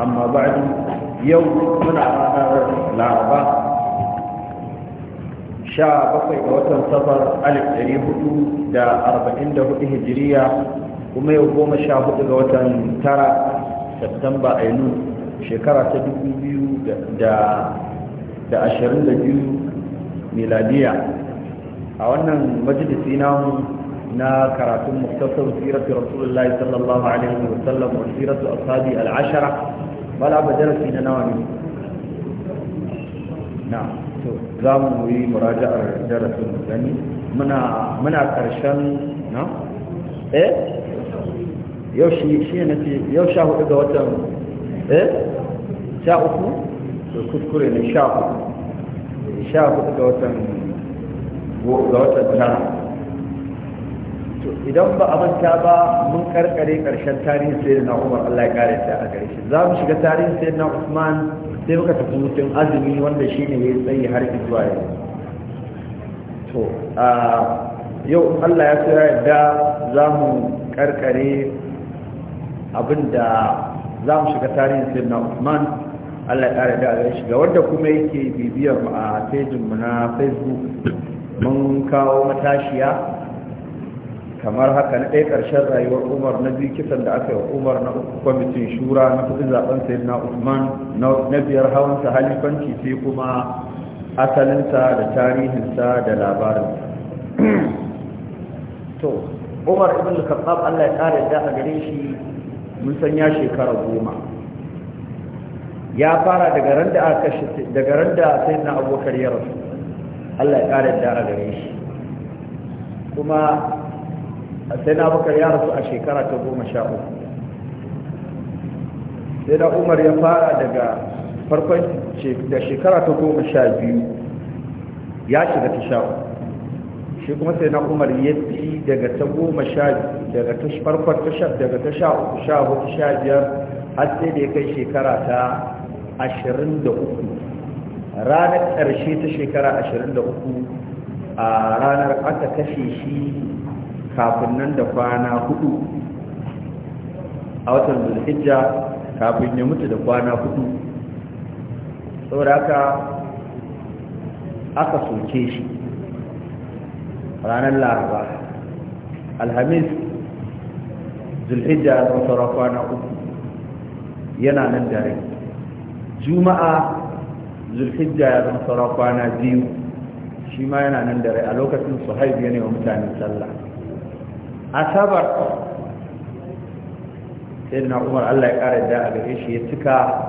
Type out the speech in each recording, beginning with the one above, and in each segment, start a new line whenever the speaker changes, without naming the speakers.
amma ba'd yau muna ranar laraba 17 ga watan safar 1444 hijiriya kuma yau goma sha hudu ga watan tara septemba ainu shekara ta dubu miladiya a wannan majalisi namu na karatun muktasar siratu rasulullahi sallallahu alaihi wa sallam wa siratu ashabi al-ashara bala ba darasi na nawa ne na to za mu yi muraja'ar darasin gani muna muna karshen na eh yau shi shi ne ce yau sha hudu ga watan eh sha uku to kuskure ne sha uku sha hudu ga watan ga watan tara idan ba a manta ba mun karkare karshen tarihin sai na umar allah ya kare ta a karshe za mu shiga tarihin sai na usman sai muka tafi mutum azumi wanda shi ne ya tsaye har zuwa yau to a yau allah ya tsira yadda za mu karkare abinda za mu shiga tarihin sai na usman allah ya kare ta a karshe ga wanda kuma yake bibiyar mu a fejinmu na facebook mun kawo matashiya kamar haka na ɗaya ƙarshen rayuwar umar na biyu kisan da aka yi wa umar na uku kwamitin shura na kuɗin zaben sayid na usman na biyar hawansa halifanci sai kuma asalinsa da tarihinsa da labarinsa to umar ibn al-khattab Allah ya ƙara yadda a gare shi mun san ya shekara goma ya fara daga ran da aka daga ran da sai na abokar ya rasu Allah ya kare yadda a gare shi kuma sai na bakar ya rasu a shekara ta goma sha uku sai na umar ya fara daga farkon da shekara ta goma sha biyu ya shiga ta sha uku shi kuma sai na umar ya fi daga ta goma sha daga ta farkon ta sha daga ta sha uku sha hudu sha biyar har sai da ya kai shekara ta ashirin da uku ranar ƙarshe ta shekara ashirin da uku a ranar aka kashe shi kafin nan da kwana hudu a watan zulhijja kafin ya mutu da kwana hudu saboda haka aka soke shi ranar laraba alhamis zulhijja ya zama sauran kwana uku yana nan dare juma'a zulhijja ya zama sauran kwana biyu shi ma yana nan dare a lokacin su haifu yanayin wa mutane sallah asabar sai na umar allah ya ƙara da a gare shi ya cika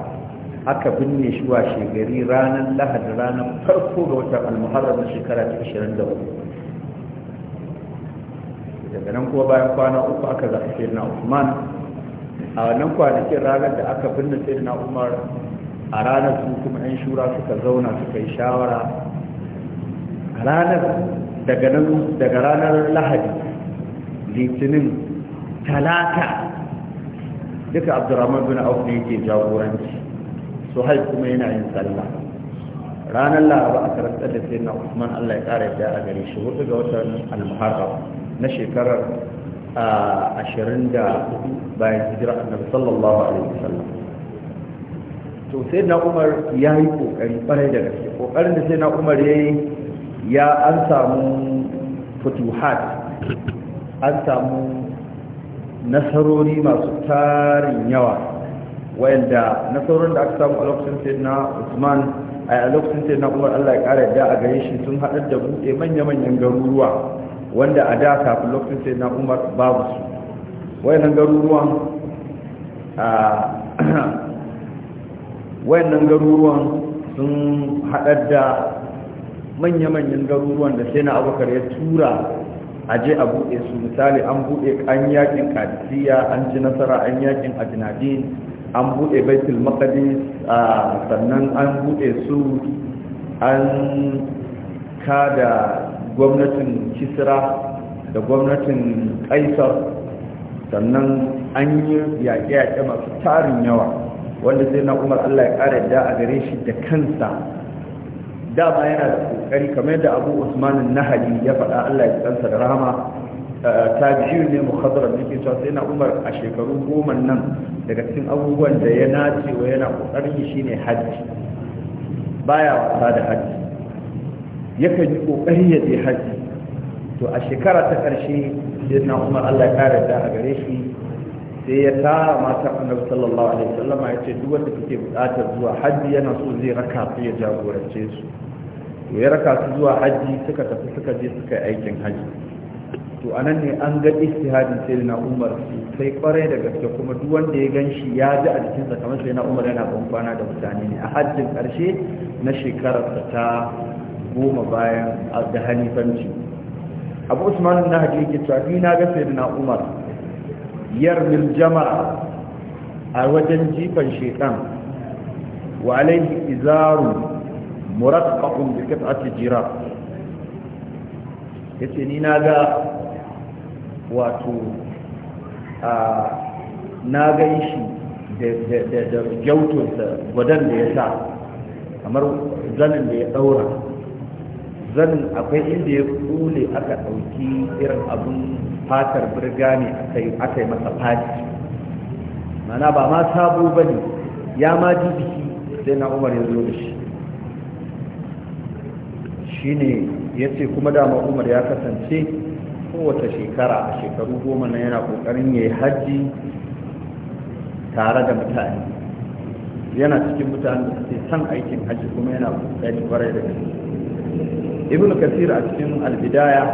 aka binne shi wa shegari ranar lahadi ranar farko ga watan almuharrar na shekara ta 24 daga nan kuma bayan kwana uku aka zafi sai na usman a wannan kwanakin ranar da aka binne sai na umar a ranar su kuma 'yan shura suka zauna suka yi shawara a ranar daga ranar lahadi litinin talata duka abdurrahman bin auf ne yake jagoranci suhaib kuma yana yin tsalla. ranar laraba a karantar da sai na usman allah ya kara yadda a gare shi hudu ga watan almuharram na shekarar ashirin da bayan hijira a nan, sallallahu alaihi wasallam to sai na umar ya yi kokari kwarai da gaske kokarin da sai na umar ya yi ya an samu futuhat an samu nasarori masu tarin yawa wayanda nasarorin da aka samu a lokacin sai na usman a lokacin sai na umar allah ya kara yadda a gare shi sun haɗar da buɗe manya-manyan garuruwa wanda a da kafin lokacin sai na umar babu su wayannan garuruwan wayannan garuruwan sun haɗar da manya-manyan garuruwan da sai na abokar ya tura a je a buɗe su misali an buɗe an yakin kadisiya an ji nasara an yakin ajinadin an buɗe baitul maqdis sannan an buɗe su an kada gwamnatin kisra da gwamnatin kaisar sannan an yi yaƙe-yaƙe masu tarin yawa wanda sai na umar allah ya ƙara da a gare shi da kansa dama yana da kokari kamar da abu usman nahali ya faɗa allah ya kansa da ta eh, tabi'in ne mukhadarar da ke cewa sai na umar a shekaru goma nan daga cikin abubuwan da ya nace wa yana kokarin shine hajji baya wasa da hajji yakan yi kokari ya je hajji to a shekara ta karshe sai na umar allah ya kare da a gare shi sai ya tara mata annabi sallallahu alaihi wasallama ya ce duk wanda kake buƙatar zuwa hajji yana so zai raka su ya jagorance su to ya raka su zuwa hajji suka tafi suka je suka yi aikin hajji to anan ne an ga istihadin na Umar sai kwarai da gaske kuma duk wanda ya ganshi ya ji a cikin sa kamar na Umar yana bambana da mutane ne a hajjin karshe na shekarar ta goma bayan da halifanci abu usman na hakiki ni na ga sai na Umar yar mil jama'a a wajen jifan shekan wa alaihi izaru murakkabun kafin ake jira Ya ce ni na ga wato a na ga shi da da jautunsa gwadon da ya sa kamar zanin da ya daura zanin akwai inda ya kule aka ɗauki irin abun fatar ne aka yi masa fati mana ba ma sabo ba ne ya ma ji sai na umar ya zo da shi ya ce kuma dama Umar ya kasance kowace shekara a shekaru goma na yana kokarin yayi hajji tare da mutane yana cikin mutane da suke son aikin hajji kuma yana kokarin kwarai da gaske Ibn kasir a cikin albidaya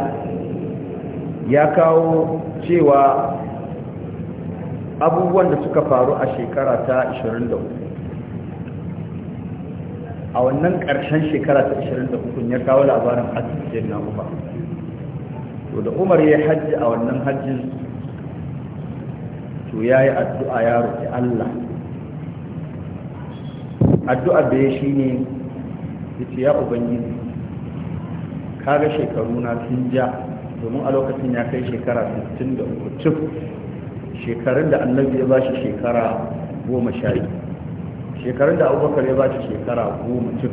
ya kawo cewa abubuwan da suka faru a shekara ta 23 a wannan ƙarshen shekara ta 24 ya kawo labarin hajji da na umar to da umar ya hajji a wannan hajjin to ya yi addu'a ya roƙi allah addu'ar da ya shi ne ya ce ya ubangiji kaga shekaru na sun ja domin a lokacin ya kai shekara 63 shekarun da annabi ya ba shi shekara 10 shekarun da abubakar ya ba shi shekara goma cif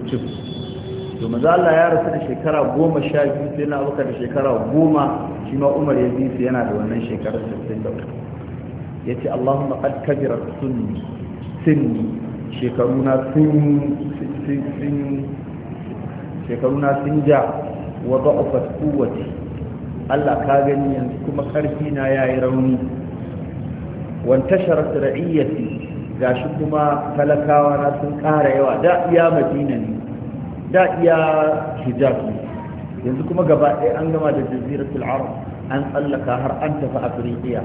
to maza Allah ya rasu da shekara goma sha biyu sai na abubakar da shekara goma shi ma umar ya bisu yana da wannan shekarar sittin da uku ya ce allahumma qad kabirat sunni sinni shekaruna sun shekaruna sun ja wa da'afat quwwati Allah ka gani yanzu kuma karfi na yayi rauni wa intasharat ra'iyati gashi kuma talakawa na sun ƙara yawa da iya madina ne da iya hijab ne yanzu kuma gaba ɗaya an gama da jaziratul arab an tsallaka har an tafi afirikiya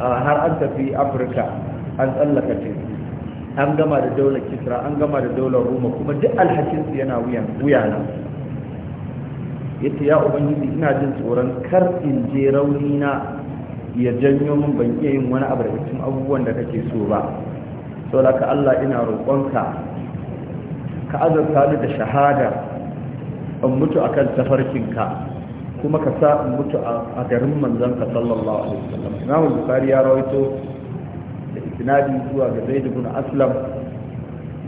har an tafi afirka an tsallaka teku an gama da daular kisra an gama da daular roma kuma duk alhakinsu yana wuyan wuyana yace ya ubangiji ina jin tsoron kar in je rauni na ya janyo min ban iya yin wani abu abubuwan da kake so ba ka Allah ina roƙonka ka azurta ni da shahada in mutu akan tafarkinka kuma ka sa in mutu a garin manzanka sallallahu alaihi wasallam Imam Bukhari ya rawaito da itinadi zuwa ga Zaid ibn Aslam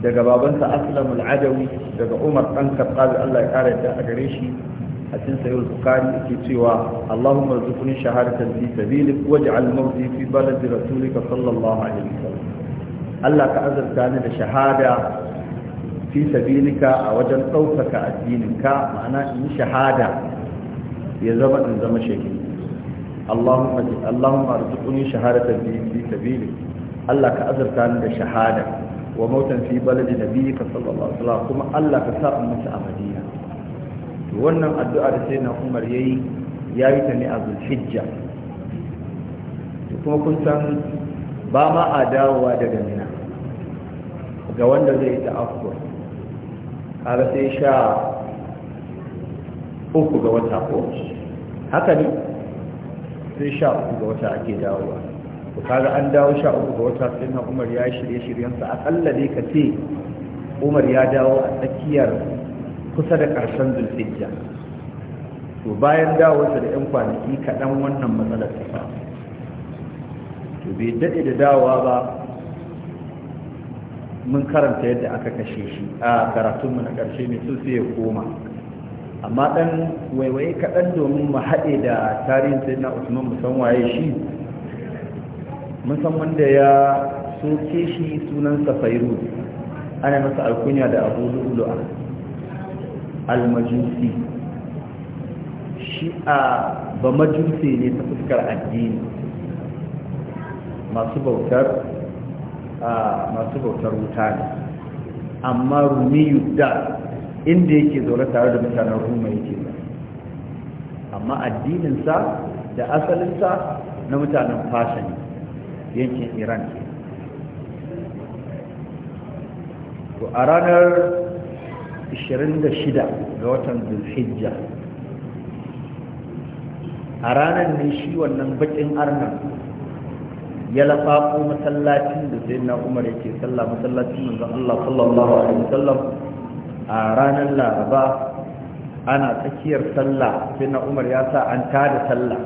daga babansa Aslam al-Adawi daga Umar dan Khattab Allah ya kare da a gare shi a cikin sahih Bukhari yake cewa Allahumma rzuqni shahadatan fi sabilik waj'al mawti fi baladi rasulika sallallahu alaihi wasallam Allah ka azurta ni da shahada fi sabilika a wajen ɗaukaka addininka ma'ana in shahada ya zama in zama shahidi Allahumma Allahumma arzuqni shahadatan fi sabili Allah ka azurta ni da shahada wa mautan fi baladi nabiyika sallallahu alaihi wasallam kuma Allah ka sa in mutu a Madina To wannan addu'a da sai na Umar yayi yayi ta ne a Zulhijja kuma kun san ba ma a dawowa daga Mina ga wanda zai ta'afkur kaga sai sha uku ga wata ko haka ne sai sha uku ga wata ake dawowa to kaga an dawo sha uku ga wata sai na umar ya shirye shiryensa akalla ne ka ce umar ya dawo a tsakiyar kusa da ƙarshen zulhijja to bayan dawowarsa da 'yan kwanaki kaɗan wannan matsalar ta to bai daɗe da dawowa ba mun karanta yadda aka kashe shi a karatunmu na ƙarshe ne sun sai ya koma amma ɗan waiwaye kaɗan domin mu haɗe da tarihin sai na usman musan waye shi mun san ya soke shi sunansa fairu ana masa alkunya da abu a almajusi shi a ba ne ta fuskar addini masu bautar A masu bautar wuta ne amma rumiyu da inda yake zaune tare da mutanen ruma yake ba amma addininsa da asalinsa na mutanen fasha ne yankin iran ke to a ranar 26 ga watan zulhijja a ranar ne shi wannan bakin arnan ya lafafo masallacin da sai na umar yake sallah masallacin manzon Allah sallallahu alaihi wasallam a ranar laraba ana tsakiyar sallah sai na umar ya sa an tada sallah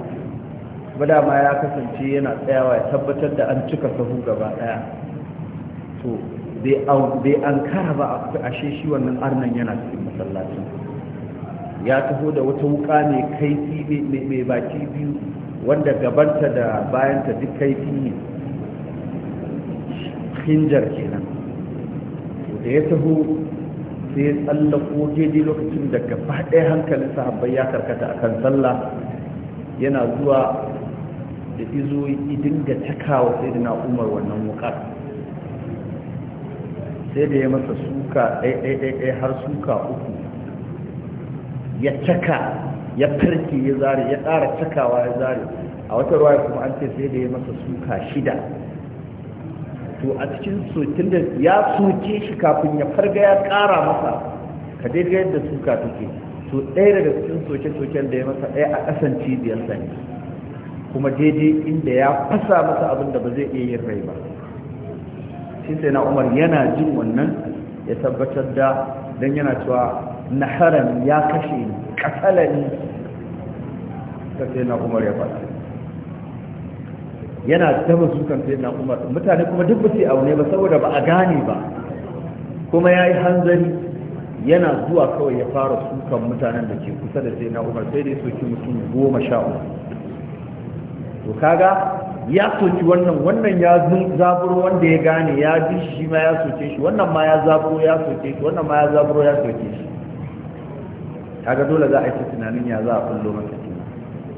bada ma ya kasance yana tsayawa ya tabbatar da an cika sahu gaba daya to bai an kara ba a ashe shi wannan arnan yana cikin masallacin ya taho da wata wuka mai kaifi mai baki biyu wanda gabanta da bayanta duk kaifi ne hinjar kenan da ya taho sai ya tsallako daidai lokacin da gaba ɗaya hankalin sahabbai ya karkata akan sallah yana zuwa da izo idin dinga cakawa sai da umar wannan wukar sai da ya masa suka ɗaiɗaiɗaiɗai har suka uku ya caka ya farke ya zare ya ƙara cakawa ya zare a wata ruwa kuma an ce sai da ya masa suka shida to a cikin sokin da ya soke shi kafin ya farga ya ƙara masa ka dai ga yadda suka take to ɗaya daga cikin soke-soken da ya masa ɗaya a ƙasan cibiyar ne kuma daidai inda ya fasa masa abin da ba zai iya yin rai ba shi sai na umar yana jin wannan ya tabbatar da don yana cewa naharan ya kashe ni kan na umar ya faɗa yana ta musu kan sai na umar mutane kuma duk su su ne ba saboda ba a gane ba kuma ya yi hanzari yana zuwa kawai ya fara sukan mutanen da ke kusa da sai na umar sai dai soki mutum goma sha uku to kaga ya soki wannan wannan ya zaburo wanda ya gane ya ji shi ma ya soke shi wannan ma ya zaburo ya soke shi wannan ma ya zaburo ya soke shi kaga dole za a yi tunanin ya za a kullo masa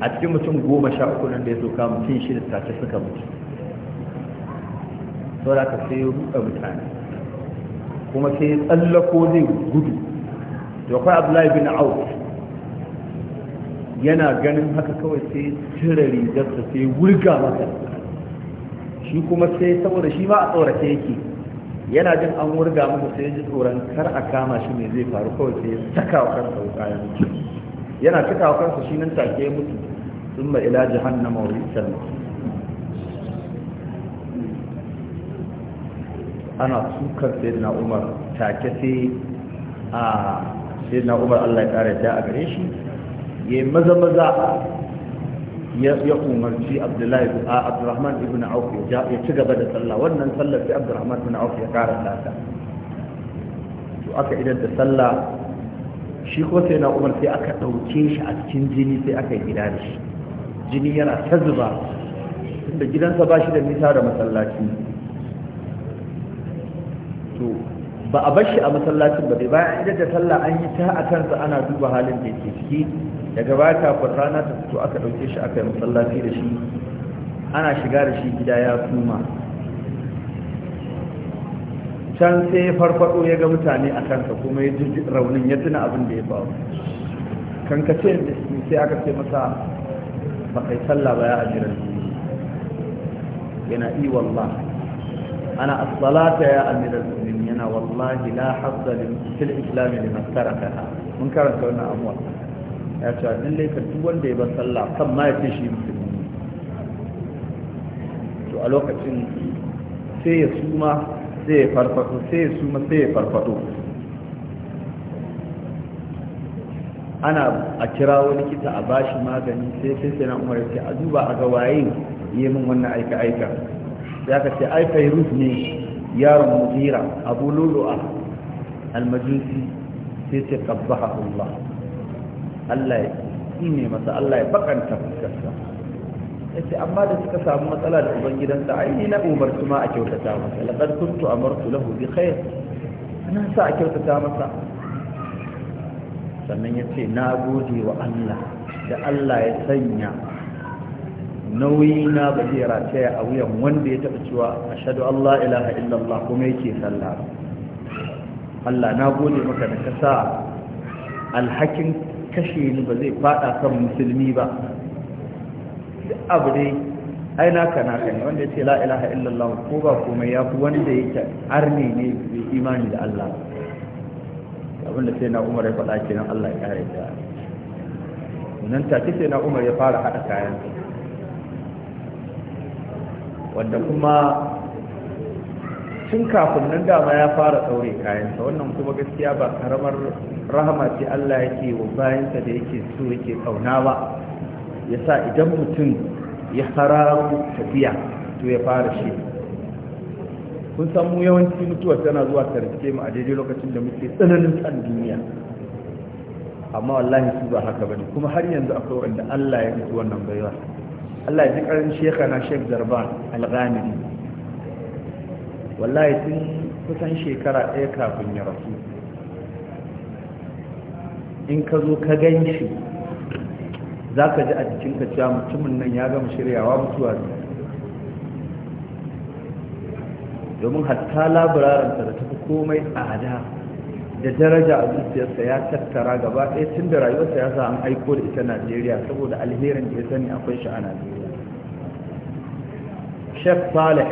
a cikin mutum goma sha uku nan da ya soka mutum da tace suka mutu sau da aka sai ruɗa mutane kuma sai tsallako zai gudu da akwai abdullahi bin auf yana ganin haka kawai sai cire rigarsa sai wurga maka shi kuma sai saboda shi ma a tsorace yake yana jin an wurga masa sai ji tsoron kar a kama shi ne zai faru kawai sai saka wa kansa wuka ya mutu yana cikawa kansa shi nan take mutu sun ba ila jahannama wa rijal ana sukar sayyidina umar take sai a sayyidina umar Allah ya kare ta a gare shi yayi maza maza ya umarci abdullahi a abdurrahman ibn auf ya ci gaba da sallah wannan sallar sai abdurrahman ibn auf ya kara ta to aka idan da sallah shi ko sai na umar sai aka ɗauke shi a cikin jini sai aka yi gida da shi jini yana ta zuba tunda gidansa ba shi da nisa da masallaci to ba a bashi a masallacin ba dai bayan idan da talla an yi ta a kansa ana duba halin da yake ciki daga baya kafin rana ta fito aka ɗauke shi aka yi masallaci da shi ana shiga da shi gida ya suma can sai ya farfado ya ga mutane a kanka kuma ya ji raunin ya tuna abin da ya faru Kan kankace da sai aka ce masa ba kai sallah ba ya ajiran yana yi wallah ana asalata ya amiral mu'minin yana wallahi la hazza lil fil islam liman tarakaha mun karanta wannan abuwa ya ce lalle ka duk wanda ya bar sallah kan ma ya ce shi musulmi to a lokacin sai ya suma sai ya farfado sai ya suma sai ya farfado ana a kira wani kita a bashi magani sai sai sai na umar sai a duba a ga yi min wannan aika aika ya aka ce yi fairuz ne yaron mudira abu lulu'a almajusi sai ce qabbaha Allah Allah ya ne masa Allah ya bakanta fuskarsa yace amma da suka samu matsala da ubangidansa ai ni na umarci ma a kyautata masa laqad kuntu amartu lahu bi khair na sa a kyautata masa sannan yace na gode wa Allah da Allah ya sanya nauyi na ba zai rataya a wuyan wanda ya taɓa cewa ashadu Allah ilaha illallah kuma yake sallah Allah na gode maka da ka sa alhakin kashe ni ba zai faɗa kan musulmi ba abu dai ai kana naka ne wanda ce la ilaha illallah ko ba komai ya fi wanda ya ce arne ne bai imani da Allah abin da sai na Umar ya faɗa kenan Allah ya kare ta nan ta sai na Umar ya fara haɗa kayan wanda kuma tun kafin nan dama ya fara ɗaure sa wannan kuma gaskiya ba karamar rahama ce Allah yake wa bayansa da yake so yake kauna ba yasa idan mutum ya hararu tafiya to ya fara shi kun san mu yawanci mutuwa tana zuwa tarike mu a daidai lokacin da muke tsananin san duniya amma wallahi su ba haka bane kuma har yanzu akwai wanda Allah ya mutu wannan baiwa Allah ya ji karin shekha na Sheikh Zarban Al-Ghamidi wallahi tun kusan shekara ɗaya kafin ya rasu in ka zo ka gan shi za ka ji a jikinka cewa mutumin nan ya gama shiryawa mutuwa ne domin hatta labararinsa da tafi komai tsada da daraja a zuciyarsa ya tattara gaba ɗaya tun da rayuwarsa ya sa an aiko da ita najeriya saboda alherin da ya sani akwai shi a najeriya shek salih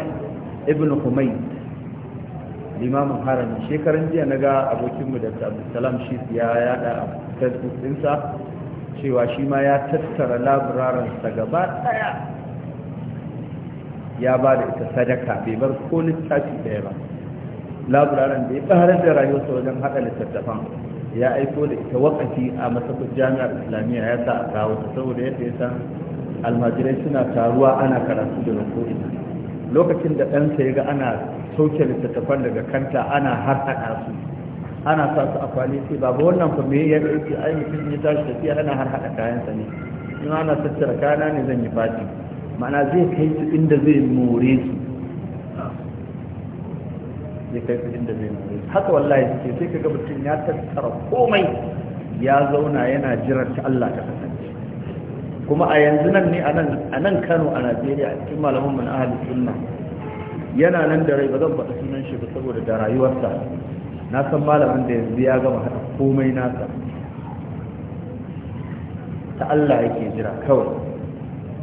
ibn humaid limamin harami shekaran jiya na ga abokinmu da abdulsalam shi ya yada a facebook ɗinsa cewa shi ma ya tattara laburarinsa gaba daya ya ba da ita sadaka bai bar ko littafi daya ba laburarin da ya tsarar da rayuwarsa wajen haɗa littattafan ya aiko da ita wakati a masakon jami'ar islamiyya ya sa a kawo ta saboda yadda ya san almajirai suna taruwa ana karatu da ko'ina lokacin da ɗansa ya ga ana sauke littattafan daga kanta ana harhaɗa su ana sa su a kwali sai babu wannan ku me ya ce ai mutum ya tashi tafiya ana har hada kayan sa ne in ana tattara kayana ne zan yi fati ma'ana zai kai su inda zai more su zai kai su inda zai more su haka wallahi suke sai kaga mutum ya tattara komai ya zauna yana jiran ta Allah ta kasance kuma a yanzu nan ne a nan Kano a Najeriya a cikin malaman mun ahli sunna yana nan da rai ba zan faɗa sunan shi ba saboda da rayuwarsa na san malamin da yanzu ya gama haɗa komai nasa ta Allah yake jira kawai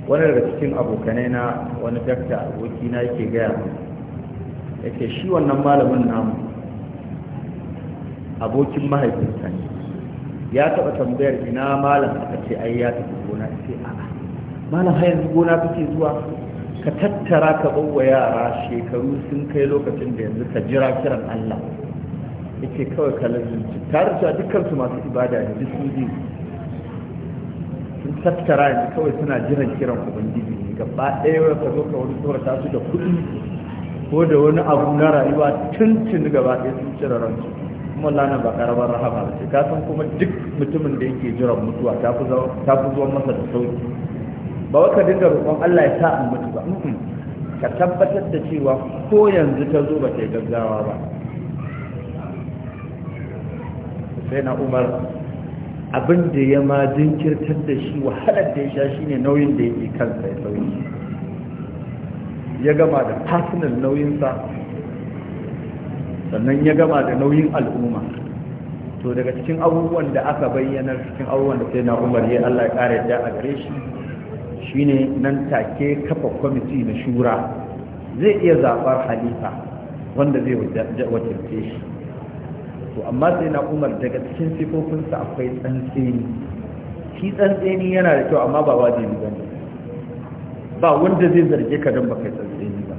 wani daga cikin abokanai na wani dakta aboki na yake gaya yake shi wannan malamin namu abokin mahaifinsa ne ya taɓa tambayar ina malam aka ce ai ya tafi gona ce a malam har yanzu gona kake zuwa ka tattara ka bawa yara shekaru sun kai lokacin da yanzu ka jira kiran Allah yake kawai kalar zuci tare da dukkan su masu ibada ne duk sun ji sun tattara yanzu kawai suna jiran kiran ubangiji ne gaba ɗaya wani ka zo ka wani tsorata su da kuɗi ko da wani abu na rayuwa tuntun gaba ɗaya sun cire ransu kuma lana ba karamar rahama ba ce kasan kuma duk mutumin da yake jiran mutuwa ta fi zuwa masa da sauki ba wa ka dinga roƙon Allah ya sa an mutu ba ka tabbatar da cewa ko yanzu ta zo ba ta yi gaggawa ba sai na umar abin da ya ma jinkirtar da shi wahalar da ya sha shi ne nauyin da yake kansa ya sauyi ya gama da personal nauyinsa sannan ya gama da nauyin al'umma to daga cikin abubuwan da aka bayyana cikin abubuwan da sai na umar ya allah ya kara a gare shi ne nan take kafa kwamiti na shura zai iya zaɓar halifa wanda zai wakilce shi to amma sai na umar daga cikin sifofinsa akwai tsantseni shi tsantseni yana da kyau amma ba wajibi ba ne ba wanda zai zarge ka don ba kai tsantseni ba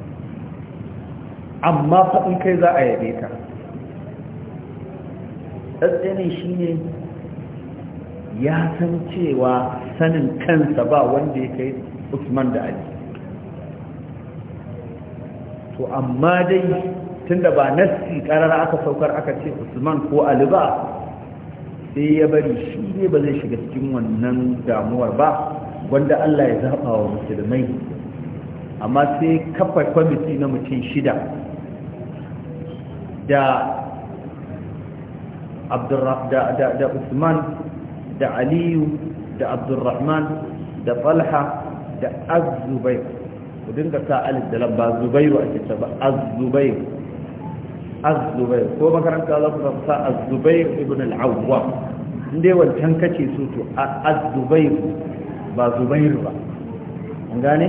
amma faɗin kai za a yabe ka tsantseni shi ne ya san cewa sanin kansa ba wanda ya kai usman da ali to amma dai tunda ba nassi karar aka saukar aka ce usman ko ali ba sai ya bari shi ne ba zai shiga cikin wannan damuwar ba wanda Allah ya zaɓa wa musulmai amma sai kafa kwamiti na mutum shida da da usman da aliyu da abdurrahman da falha da azubai ku dinga sa alif da lamba zubairu a cikin ba azubai az-zubair ko makaranta za ku sa az ibn al-awwam inda wancan kace su to az-zubair ba zubair ba an gane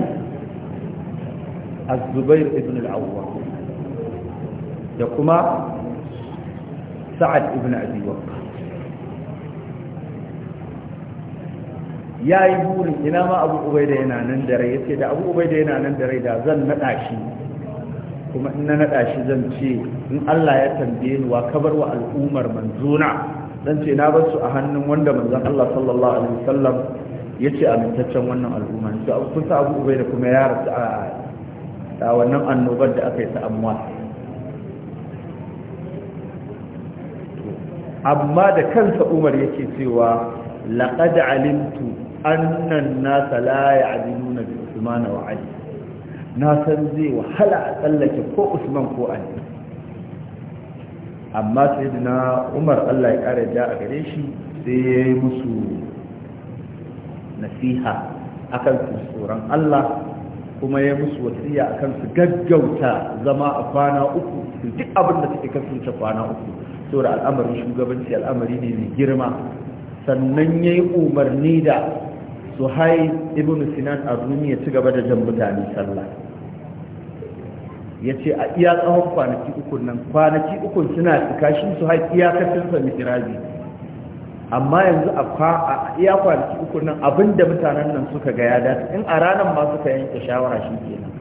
az-zubair ibn al-awwam da kuma sa'ad ibn abi Ya yi burin ina ma abu ubaida yana nan da rai yace da abu ubaida yana nan da rai da zan nada shi kuma in na naɗa shi zan ce in Allah ya tambaye ni wa kabar wa al'ummar manzuna zan ce na bar su a hannun wanda manzon Allah sallallahu alaihi wasallam ya ce amintaccen wannan al'umma Kun kusa abu ubai da kuma ya rasu a wannan annobar da aka yi ta amma amma da kansa umar yake cewa laqad alimtu annan nasa la ya'diluna bi usmana wa ali na san zai wahala a tsallake ko usman ko ali amma sai na umar allah ya ƙara ja a gare shi sai ya yi musu nasiha akan su tsoron allah kuma ya musu wasiya akan su gaggauta zama a kwana uku su duk abin da suke kasance kwana uku saboda al'amarin shugabanci al'amari ne mai girma sannan ya yi umarni da hai ibn sinan a ya ci gaba da jan mutane sallah ya ce a iya tsawon kwanaki ukun nan kwanaki ukun suna kashin su har sami mikirabi amma yanzu a iya kwanaki ukun nan abinda mutanen nan suka ga ya dace in a ranar ma suka yanke shawara shi ke nan,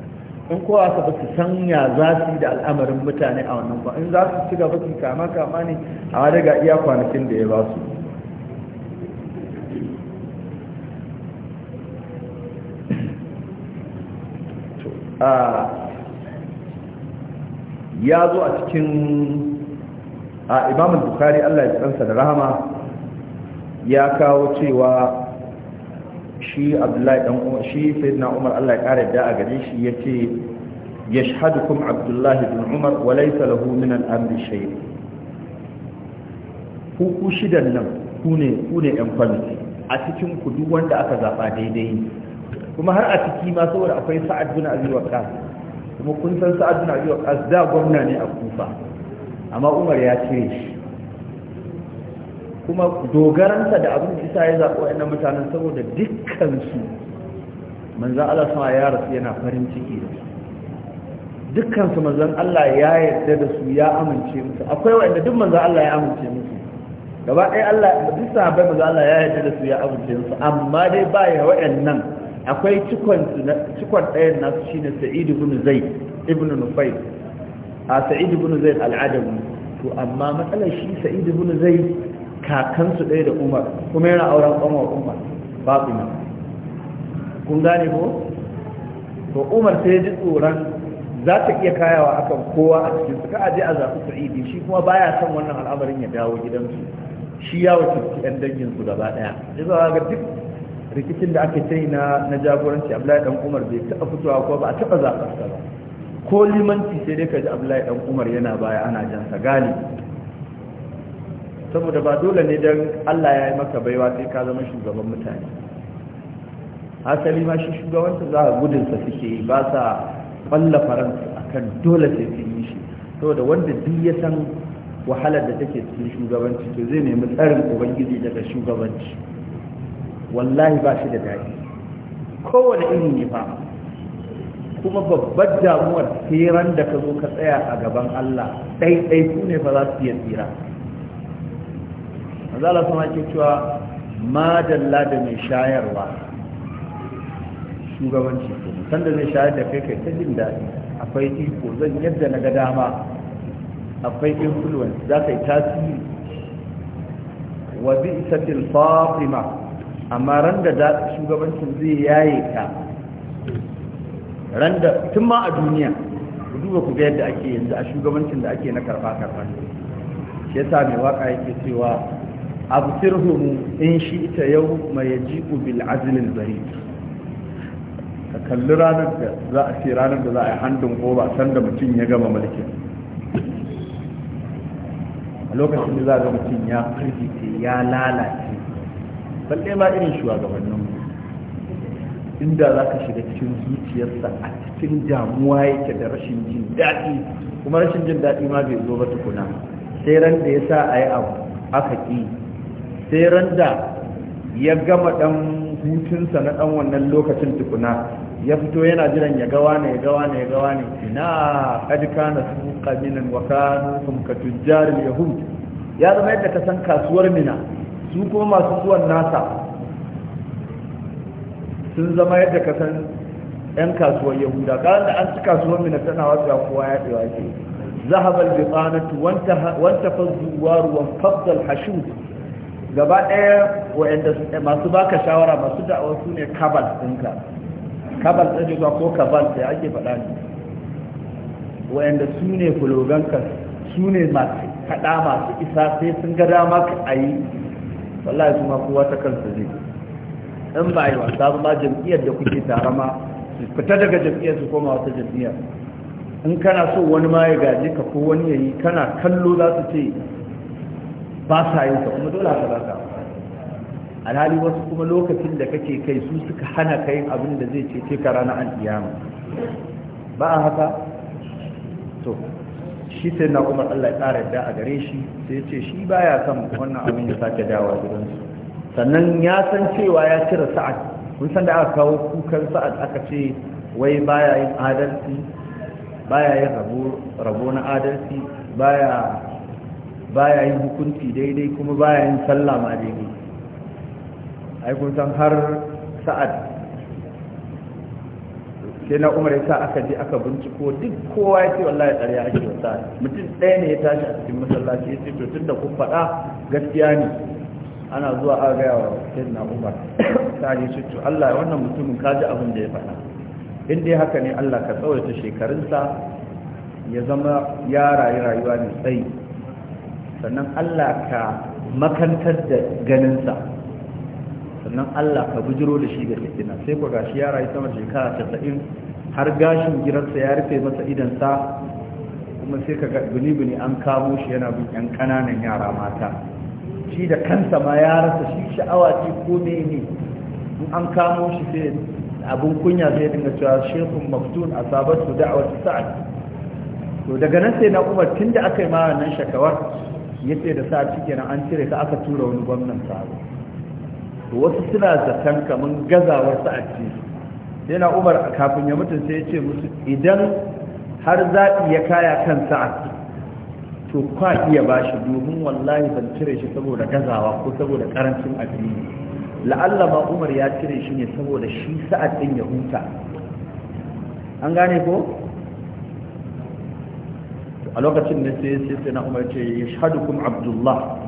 in kowa ka basu sanya za su yi da al'amarin mutane a wannan ba in za su ci gaba su kama kama ne a ga iya kwanakin da ya ba su a ya zo a cikin a imam al-bukhari Allah ya tsansa da rahama ya kawo cewa shi abdullahi ɗan umar shi sayyidina umar Allah ya ƙara da a gare shi yace kuma abdullahi ibn umar walai salahu minan amri shayi ku shidan nan ku ne ku ne yan kwamiti a cikin kudu duk wanda aka zaɓa daidai kuma har a ciki ma saboda akwai sa'ad bin abi kuma kun san sa'ad bin abi waqas da gwamna ne a kufa amma umar ya cire shi kuma dogaranta da abin isa ya a wa'annan mutanen saboda dukkansu manzan Allah sama ya rasu yana farin ciki da su dukkansu manzan Allah ya yarda da su ya amince musu akwai wa'anda duk manzan Allah ya amince musu gaba ɗaya Allah duk sahabbai manzan Allah ya yarda da su ya amince musu amma dai ba ya wa'annan akwai cikon ɗayan nasu ne sa'id ibn zaid ibn nufayl a sa'id ibn zaid al'adam to amma matsalar shi sa'id ibn zaid kakansu ɗaya da umar kuma yana auren ƙanwar umar ne? kun gane ko to umar sai ji tsoron za ta iya kayawa akan kowa a cikin suka aje a zaɓi sa'idi shi kuma baya son wannan al'amarin ya dawo gidansu shi ya wakilci 'yan dangin su gaba ɗaya ya zawa ga duk rikicin da aka ce na na jagoranci Abdullahi dan Umar bai taɓa fitowa ko ba a taɓa zaɓar ba ko limanci sai dai ka kaji Abdullahi dan Umar yana baya ana jan sa saboda ba dole ne dan Allah ya yi maka baiwa sai ka zama shugaban mutane asali ma shi shugabancin za a gudun suke yi ba sa falla faransa akan dole sai sun yi shi saboda wanda duk ya san wahalar da take cikin shugabanci to zai nemi tsarin ubangiji daga shugabanci wallahi ba shi da daɗi kowane iri fa kuma babbar damuwar tseren da ka zo ka tsaya a gaban Allah ɗaiɗai su ne ba za su iya tsira azala sun ake cewa madalla da mai shayarwa shugabanci da zai shayar da kai kai ta jin daɗi akwai iko zan yadda na ga dama akwai influence za ka yi tasiri wa bi isatil fatima amma ran da shugabancin zai yaye ta ran da tun ma a duniya ku duba ku ga yadda ake yanzu a shugabancin da ake na karfa karfa shi yasa mai waka yake cewa abtirhum in shi ta yau mai yajibu bil al bari ka kalli ranar da za a ce ranar da za a yi handin goba sanda mutum ya gama mulkin a lokacin da za a ga mutum ya firgite ya lalace balle ma irin shugabannin inda za ka shiga cikin zuciyarsa a cikin damuwa yake da rashin jin daɗi kuma rashin jin daɗi ma bai zo ba tukuna sai ran da ya sa a yi abu aka ƙi sai ran da ya gama ɗan hutunsa na ɗan wannan lokacin tukuna ya fito yana jiran ya gawa ne ya gawa ne ya gawa ne ina kad kana su qabilin wa kanu ka tujjarin Yahudu? ya zama yadda ka san kasuwar mina su kuma masu zuwan nasa sun zama yadda ka san 'yan kasuwar yahuda kayan da an ci kasuwar mina tana wasu ya kowa ya ɗewa ke tsanatu, البطانة وانتفى الزوار وانفض الحشود gaba ɗaya wa'anda eh, masu baka shawara masu da'awa su ne kabal ɗinka kabal ɗin jiwa ko kabal sai ake faɗa ne wa'anda su ne fuloganka su ne masu kaɗa masu isa sai sun ga dama ka a yi wallahi kuma kowa ta kansa zai in ba yi wasa ba jam'iyyar da kuke tare ma su fita daga jam'iyyar su koma wata jam'iyyar in kana so wani ma ya gaje ka ko wani yayi kana kallo za su ce ba sa yin ka kuma dole ka za alhali wasu kuma lokacin da kake kai su suka hana ka yin abin da zai ce ka an iyama ba a haka to shi sai na kuma allah ya ƙara yadda a gare shi sai ce shi baya son wannan abin ya sake dawa gidansu sannan ya san cewa ya cire sa'ad kun san da aka kawo kukan sa'ad aka ce wai baya yin adalci baya yin rabo na adalci baya baya yin hukunci daidai kuma baya yin sallah ma daidai ai kun san har sa'ad sai na umar yasa aka je aka binciko duk kowa ya ce wallahi tsariya ake wasa mutum ɗaya ne ya tashi a cikin masallaci ya ce to tun da ku faɗa gaskiya ne ana zuwa a gaya wa sai na umar ta ne ce to Allah wannan mutumin ka ji abin da ya faɗa in dai haka ne Allah ka tsawaita shekarunsa ya zama ya rayu rayuwa mai tsayi sannan Allah ka makantar da ganinsa sannan Allah ka bujiro da shi da fitina sai ku gashi ya rayu sama shekara casa'in har gashin girarsa ya rufe masa idansa kuma sai ka guni-guni an kamo shi yana bin yan ƙananan yara mata shi da kansa ma ya rasa shi sha'awa ce ko ne ne in an kamo shi sai abin kunya sai dinga cewa shekun maftun a sabatu da'awar sa'ad to daga nan sai na umar tun da aka yi ma nan shakawar ya ce da sa'ad shi an cire ka aka tura wani gwamnan sa'ad wasu suna zaton kamar gazawar sa a ce sai umar kafin ya mutu sai ya ce musu idan har zaɓi ya kaya kan sa'a to kwa iya bashi domin wallahi ban cire shi saboda gazawa ko saboda karancin addini la'alla umar ya cire shi ne saboda shi sa'ad ɗin ya huta an gane ko a lokacin da sai sai na umar ce ya shahadukum abdullah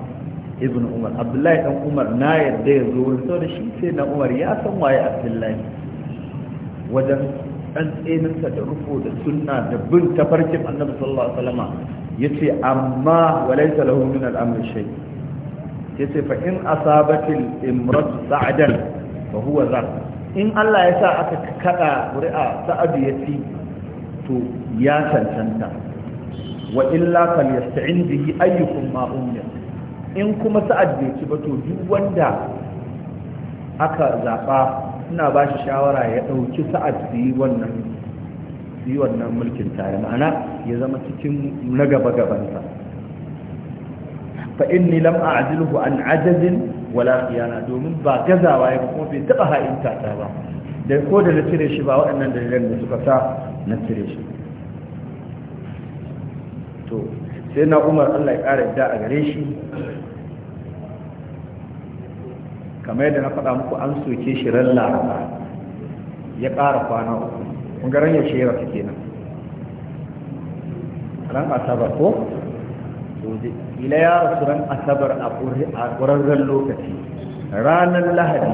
ibn umar abdullahi dan umar na yadda ya zo wurin saboda da shi sai na umar ya san waye abdullahi wajen ɗan tseninsa da rufo da sunna da bin tafarkin annabi sallallahu alaihi ya ce amma walai salahu min al'amri shai ya ce fa in asabatil imratu sa'adan fa huwa in Allah ya sa aka kada ƙuri'a sa'adu ya ci to ya cancanta wa illa fal yasta'in bihi ayyukum ma ummiya in kuma sa'ad bai ci ba to duk wanda aka zaɓa suna ba shi shawara ya ɗauki sa'ad su yi wannan yi wannan mulkin tare ma'ana ya zama cikin na gaba gabansa fa inni lam a'jiluhu an ajazin wala domin ba gazawa ya kuma bai taba ha'inta ta ba da ko da na cire shi ba waɗannan dalilan da suka sa na cire shi to sai na umar allah ya ƙara yadda a gare shi kamar yadda na faɗa muku an soke shi ran laraba ya ƙara kwana uku ƙungaren ya shera ta nan ran asabar ko ila ya rasu ran asabar a ƙwararren lokaci ranar lahadi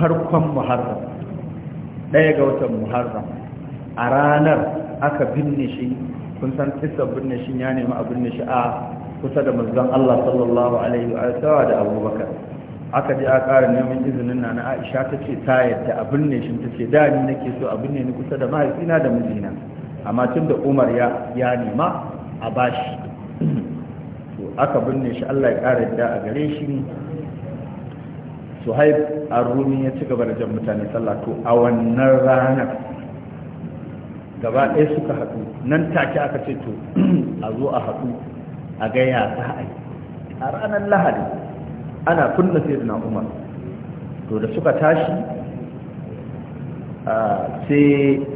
farkon muharram ɗaya ga watan muharram a ranar aka binne shi kun san kisa binne shi ya nemi a binne shi a kusa da manzon Allah sallallahu alaihi wa sallam da Abubakar aka ji a ƙara neman izinin na na Aisha ta ce ta yadda a binne shi ta da ni nake so a binne ni kusa da mahaifina da mijina amma tun da Umar ya ya nema a bashi to aka binne shi Allah ya ƙara yadda a gare shi Suhaib Ar-Rumi ya ci gaba da jan mutane sallah to a wannan ranar gaba ɗaya suka haɗu nan take aka ce to a zo a haɗu a ya za a yi a ranar lahadi ana kunna sai na umar to da suka tashi sai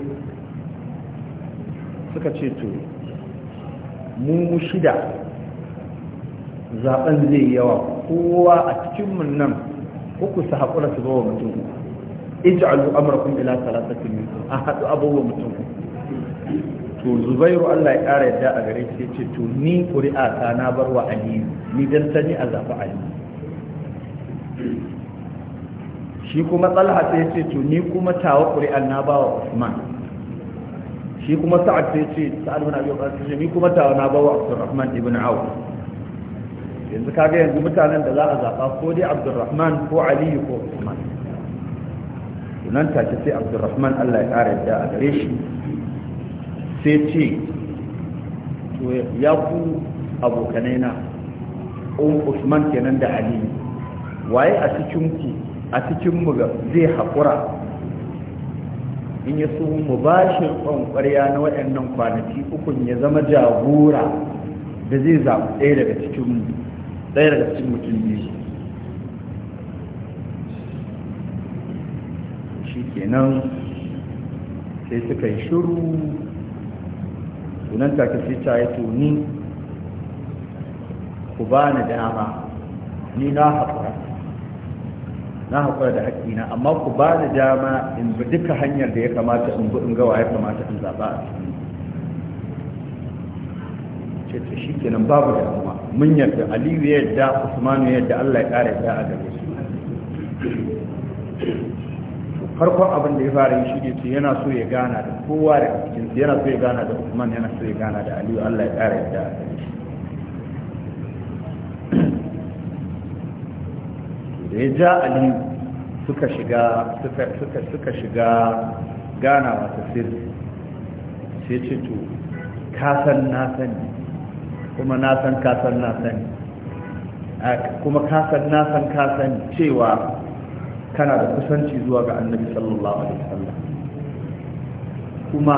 suka ce to mu shida zaben zai yawa kowa a cikinmu nan uku su haƙura su zo wa mutum ij'alu amrakum ila salatatin minkum a haɗu abubuwa mutum to zubairu Allah ya ƙara yadda a gare shi ce to ni ƙuri'a ta na bar wa aliyu ni dan sani a zafi ali shi kuma talha sai ya ce to ni kuma tawa ƙuri'a na ba wa usman shi kuma sa'ad sai ya ce sa'ad bin abi bakar sai ni kuma tawa na ba wa abdurrahman ibn auf yanzu kaga yanzu mutanen da za a zaɓa ko dai abdurrahman ko aliyu ko usman nan take sai abdurrahman Allah ya ƙara yadda a gare shi sai ce ya ku abokanai na usman kenan da ali waye a cikinku a cikinmu zai haƙura in ya so mu ba shi ƙwanƙwarya na waɗannan kwanaki ukun ya zama jagora da zai zaɓi ɗaya daga cikinmu ɗaya daga cikin mutum ne shi kenan sai suka yi shiru ta take sai ta yi ni ku ba ni dama ni na haƙura na haƙura da haƙƙina amma ku ba ni dama in bi duka hanyar da ya kamata in bi in gawa ya kamata in zaɓa a cikin ce ta shi kenan babu damuwa mun yarda aliyu ya yarda usmanu ya yarda allah ya ƙara ya a gare su farkon abin da ya fara yi shine ce yana so ya gana da kowa da cikin yana so ya gana da Usman yana so ya gana da Aliyu Allah ya ƙara yadda da ya ja Aliyu suka shiga suka suka suka shiga gana masu sir sai ce to ka san na sani kuma na san ka san na sani kuma ka san na san ka sani cewa kana da kusanci zuwa ga annabi sallallahu alaihi wasallam kuma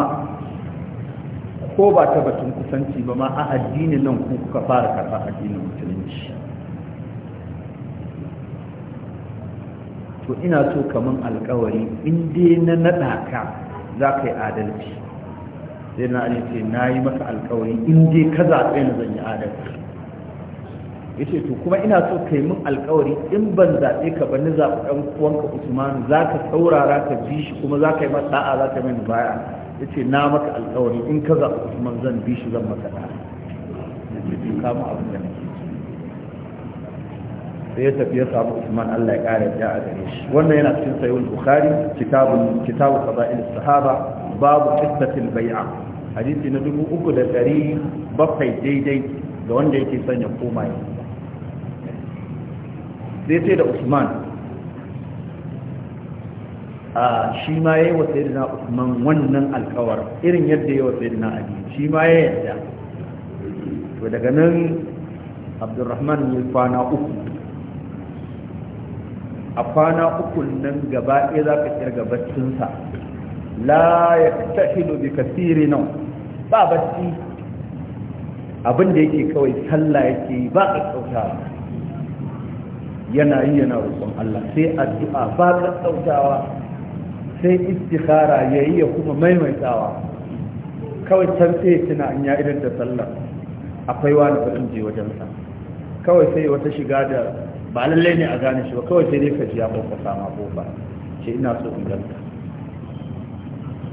ko ba ta batun kusanci ba ma a addinin nan ku kuka fara karɓar addinin musulunci to ina so kaman alkawari in dai na naɗa ka za ka yi adalci sai na ce na yi maka alkawari in dai ka zaɓe na zan yi adalci yace to kuma ina so yi min alkawari in ban zaɓe ka ba ni zaɓi ɗan kuwanka usman za ka saurara ka bi shi kuma za ka yi masa da'a za ka mai baya yace na maka alkawari in ka zaɓi usman zan bi shi zan maka da'a yace abin da nake sai ya tafi ya samu usman Allah ya ƙara ya a gare shi wannan yana cikin sayyid bukari kitabun kitabu fadail sahaba babu qissatil bai'a hadisi na dubu uku da ɗari bakwai daidai ga wanda yake son ya koma sai sai da usman a shi ma ya yi wa sai usman wannan alkawar irin yadda ya yi wa sai ali shi ma ya yadda to daga nan abdurrahman ya kwana uku a kwana uku nan gaba ɗaya za ka kirga baccinsa la ya tahilu bi kasiri nan ba bacci abin da yake kawai sallah yake ba ka kyauta yana yi yana roƙon Allah sai addu'a ba ƙaƙƙautawa sai istikhara ya yi ya kuma maimaitawa kawai can sai tuna an ya irin da sallah akwai wani faɗin je wajensa kawai sai wata shiga da ba lallai ne a gane shi ba kawai sai dai ka ji ya ƙofa sama ƙofa ce ina so in ganka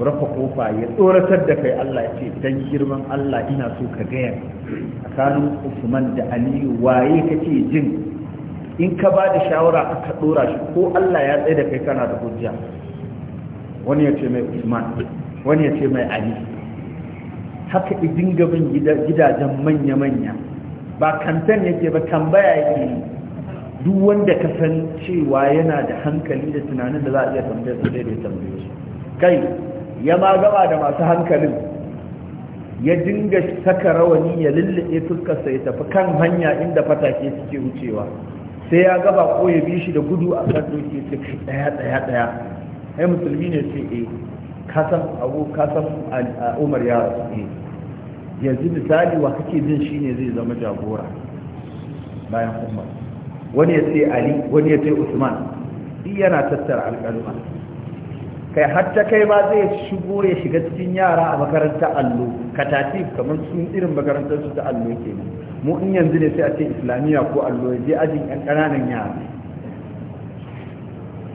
rafa kofa ya tsoratar da kai Allah ya ce dan girman Allah ina so ka gaya tsakanin Usman da Aliyu waye kake jin in ka ba da shawara aka dora shi ko Allah ya tsaye da kai kana da hujja wani ya ce mai Usman wani ya ce mai Ali haka idin gaban gidajen manya-manya ba kantan yake ba tambaya yake yi duk wanda ka san cewa yana da hankali da tunanin da za a iya tambayar su daidai tambayar su kai ya ma gaba da masu hankalin ya dinga saka rawani ya lullube fuskarsa ya tafi kan hanya inda fatake suke wucewa sai ya gaba ko ya bi shi da gudu a kan doki sai kai daya daya daya ai musulmi ne sai eh kasan abu kasan umar ya rasu eh. yanzu misali wa kake jin shi ne zai zama jagora bayan umar wani ya ce ali wani ya ce usman shi yana tattara alƙalma kai hatta kai ma zai shigo ya shiga cikin yara a makarantar allo katatif kamar sun irin makarantar su ta allo kenan mu in yanzu ne sai a ce islamiyya ko allo ya je ajin yan ƙananan yara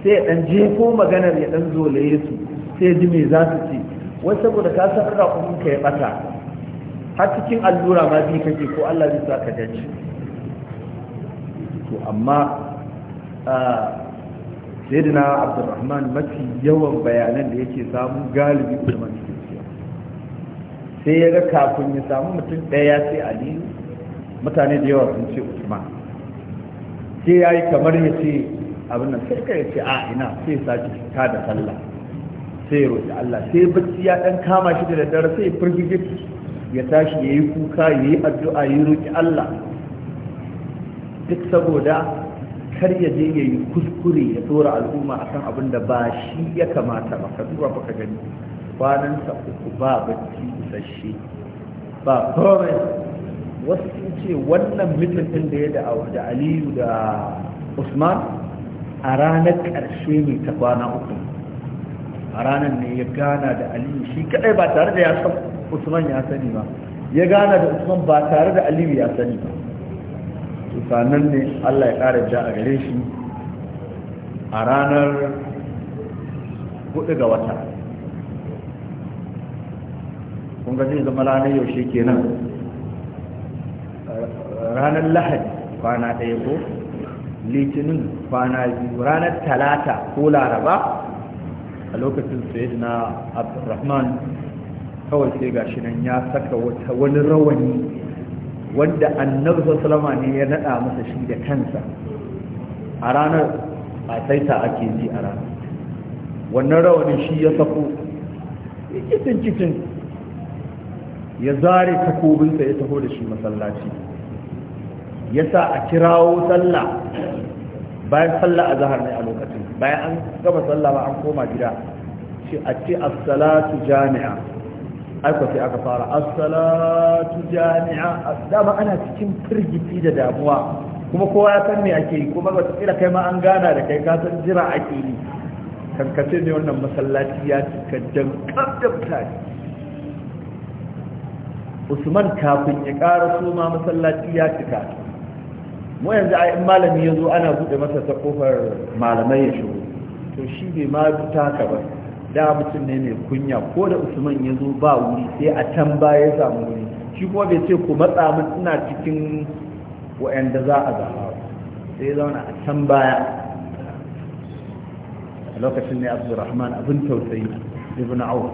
sai ya dan ko maganar ya dan zolaye su sai ji me za su ce wai saboda ka san raƙumin ka ya bata har cikin allura ma bi kake ko Allah zai sa ka dace to amma sayyidina abdurrahman mafi yawan bayanan da yake samu galibi ulama sai ya ga kafin ya samu mutum ɗaya sai aliyu mutane da yawa sun ce usman sai ya yi kamar ya ce abin nan sai ka ya ce a ina sai sake ta da sallah sai ya roƙi Allah sai bacci ya ɗan kama shi da daddare sai ya firgige ya tashi ya yi kuka ya yi addu'a ya roƙi Allah duk saboda kar ya je ya yi kuskure ya tsora al'umma a kan abin da ba shi ya kamata ba ka zuwa ba ka gani kwanansa uku ba bacci isasshe ba komai wasu sun ce wannan mitin din da ya da'awa da aliyu da usman a ranar ƙarshe mai ta kwana uku a ranar ne ya gana da aliyu shi kadai ba tare da ya san usman ya sani ba ya gana da usman ba tare da aliyu ya sani ba to ne allah ya ƙara ja a gare shi a ranar hudu ga wata kun ga zai zama ranar yaushe kenan ranar lahadi kwana ɗaya ko litinin kwana biyu ranar talata ko laraba a lokacin sayid na abdurrahman kawai sai ga shi nan ya saka wani rawani wanda annabi sallama ne ya nada masa shi da kansa a ranar a saita ake ji a ranar wannan rawanin shi ya sako kitin ya zare takobinsa ya taho da shi masallaci ya sa a kirawo sallah bayan sallah a zahar ne a lokacin bayan an gama sallah ba an koma gida ce a ce assalatu jami'a aiko sai aka fara assalatu jami'a dama ana cikin firgiti da damuwa kuma kowa ya san me ake yi kuma ba tsira kai ma an gana da kai ka san jira ake yi kankace ne wannan masallaci ya cika dankar da mutane usman kafin ya ƙara suma masallaci ya cika mu yanzu a in malami ya zo ana buɗe masa ta kofar malamai ya shigo to shi bai ma taka ba da mutum ne mai kunya ko da usman ya zo ba wuri sai a can baya ya samu wuri shi kuma bai ce ku matsa min ina cikin wa'anda za a zama sai zauna a can baya a lokacin ne abdurrahman abin tausayi ibn auf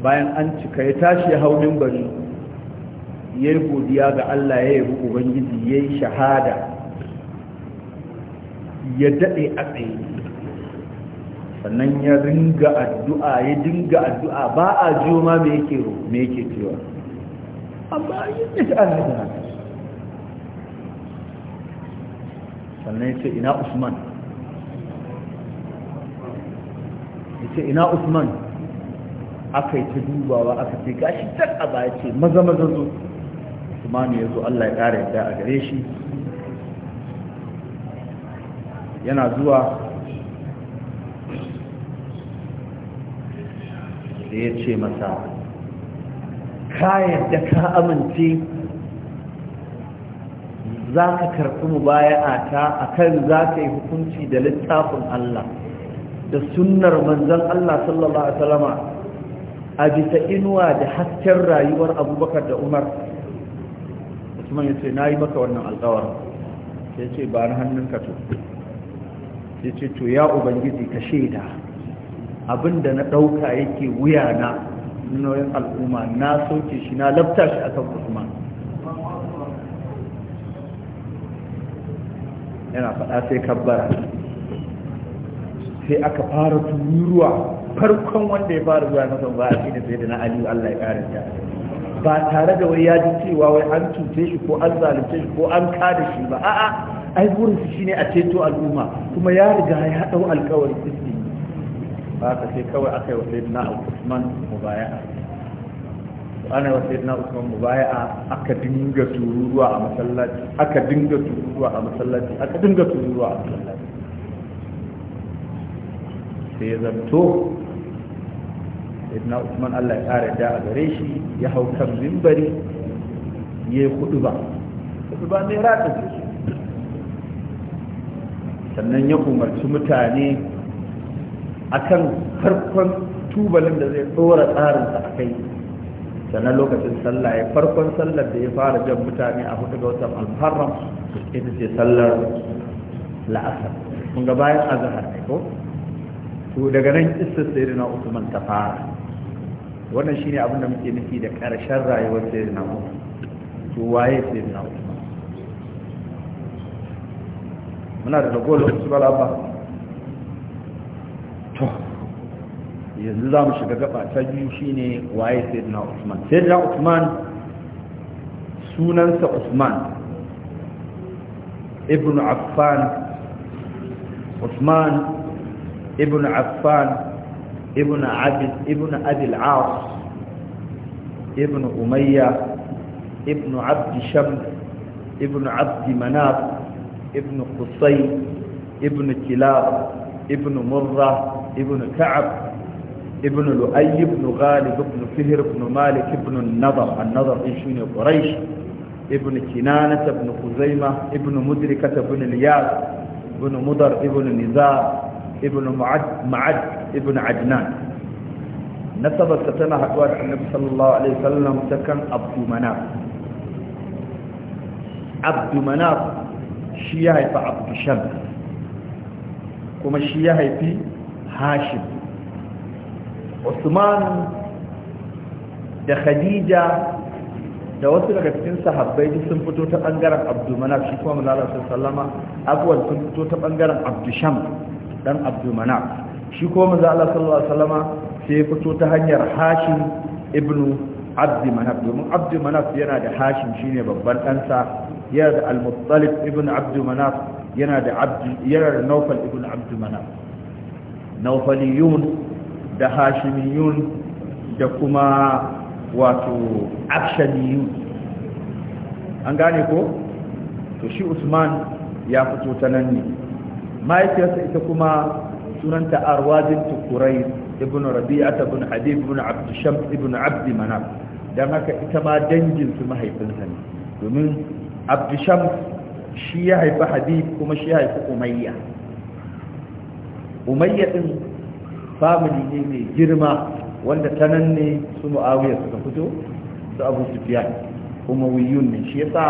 bayan an cika ya tashi ya hau ya yi godiya ga Allah ya yi ubangiji ya yi shahada ya daɗe a tsaye sannan ya ringa addu'a ya dinga addu'a ba a jiyo ma me yake me yake jiyo amma yin da ta hada sannan ya ce ina usman ya ce ina usman aka yi ta dubawa aka ce gashi tak a baya ce maza maza zo usmanu ya zo allah ya ƙara yadda a gare shi yana zuwa da ya ce masa ka yadda ka amince za ka karɓi mubaya'ata a kan za ka yi hukunci da littafin Allah da sunnar manzan Allah sallallahu Alaihi wasallama a bisa inuwa da hasken rayuwar abubakar da umar usman ya ce na yi maka wannan alkawar sai ce ba na hannunka to sai ce to ya ubangiji ka shaida abinda na ɗauka yake wuya na nauyin al'umma na soke shi na labta shi akan usman yana faɗa sai kabbara sai aka fara ruwa farkon wanda ya fara zuwa na son ba a shi da sai da na aliyu allah ya ƙarin ya ba tare da wai ya ji cewa wai an cuce shi ko an zalunce shi ko an kada shi ba a'a ai burin shi shine a ceto al'umma kuma ya riga ya dau alƙawarin tsisti ba ka sai kawai aka yi wa sayyidina Usman mubaya'a ana wa sayyidina Usman mubaya'a aka dinga tururuwa a masallaci aka dinga tururuwa a masallaci aka dinga tururuwa a masallaci sai zanto ibn usman allah ya kara da a gare shi ya hau kan mimbari ya yi hudu ba hudu ba sannan ya umarci mutane akan farkon tubalin da zai tsora tsarinsa a kai sannan lokacin sallah ya farkon sallar da ya fara jan mutane a hudu ga watan alfarram ita ce sallar la'asar kun ga bayan azahar ne ko to daga nan istisiri na usman ta fara wannan shine abin da muke nufi da karshen rayuwar na mu to waye na mu muna da ragowar su bala ba to yanzu za mu shiga gaba ta biyu shine waye sayyidina Usman sayyidina Usman sunansa Usman ibn Affan Usman ibn Affan ابن عبد ابن أبي العاص ابن أمية ابن عبد شمس ابن عبد مناف ابن قصي ابن كلاب ابن مرة ابن كعب ابن لؤي بن غالب بن فهر بن مالك بن النضر النضر إيشوني قريش ابن كنانة بن خزيمة ابن مدركة بن الياس بن مضر ابن نزار ibn ma'ad ibn adnan nasabarsa tana haɗuwa da annabi sallallahu alaihi wasallam ta kan abdu manaf abdu manaf shi ya haifi abdu shams kuma shi ya haifi hashim usman da khadija da wasu daga cikin sahabbai duk sun fito ta bangaren abdu manaf shi kuma manzala sallama abuwan sun fito ta bangaren abdu shams dan abdulmanaf shi ko manzo Allah sallallahu alaihi wasallama sai fito ta hanyar hashim ibnu abdulmanaf domin abdulmanaf yana da hashim shine babban ɗansa yana da al-muttalib ibnu abdulmanaf yana da abd yana da nawfal ibnu abdulmanaf nawfaliyun da hashimiyun da kuma wato akshaniyun an gane ko to shi usman ya fito ta nan ne mahaifiyarsa ita kuma sunanta arwajin tukurai ibn rabi'at ibn habib ibn abd ibn manaf dan haka ita ma dangin su mahaifinsa ne domin abd shi ya haifi habib kuma shi ya haifi umayya umayya din family ne mai girma wanda ta nan ne su mu'awiyar suka fito su abu sufyan kuma wiyun ne shi yasa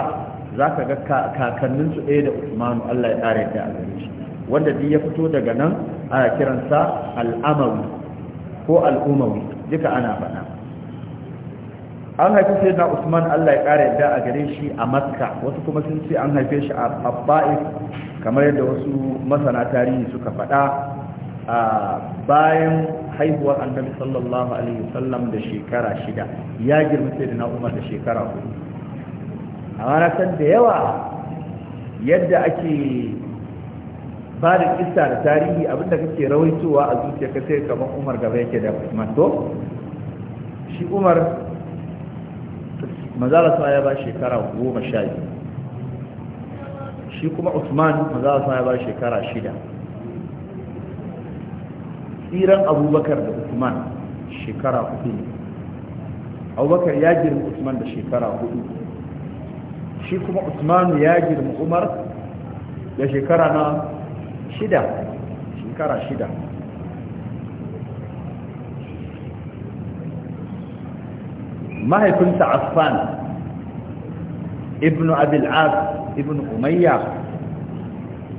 zaka ga kakanninsu ɗaya da usmanu Allah ya tsara ta a gare shi wanda duk ya fito daga nan a kiransa al'amawi ko al'umawi duka ana faɗa an haifi sai na usman allah ya ƙara yadda a gare shi a makka wasu kuma sun ce an haife shi a abba'is kamar yadda wasu masana tarihi suka faɗa a bayan haihuwar annabi sallallahu alaihi wasallam da shekara shida ya girma sai da na'umar da shekara hudu a san da yawa yadda ake ba da kista da tarihi abinda kake rawaitowa a zuciya ka sai kamar umar gaba yake da usman to shi umar mazala sa ya ba shekara goma sha shi kuma usman mazala sa ya ba shekara shida tsiran abubakar da usman shekara hudu ne abubakar ya girma usman da shekara hudu shi kuma Usman ya girma umar da shekara na shida shekara shida mahaifinsa affan ibn abil'as ibn umayya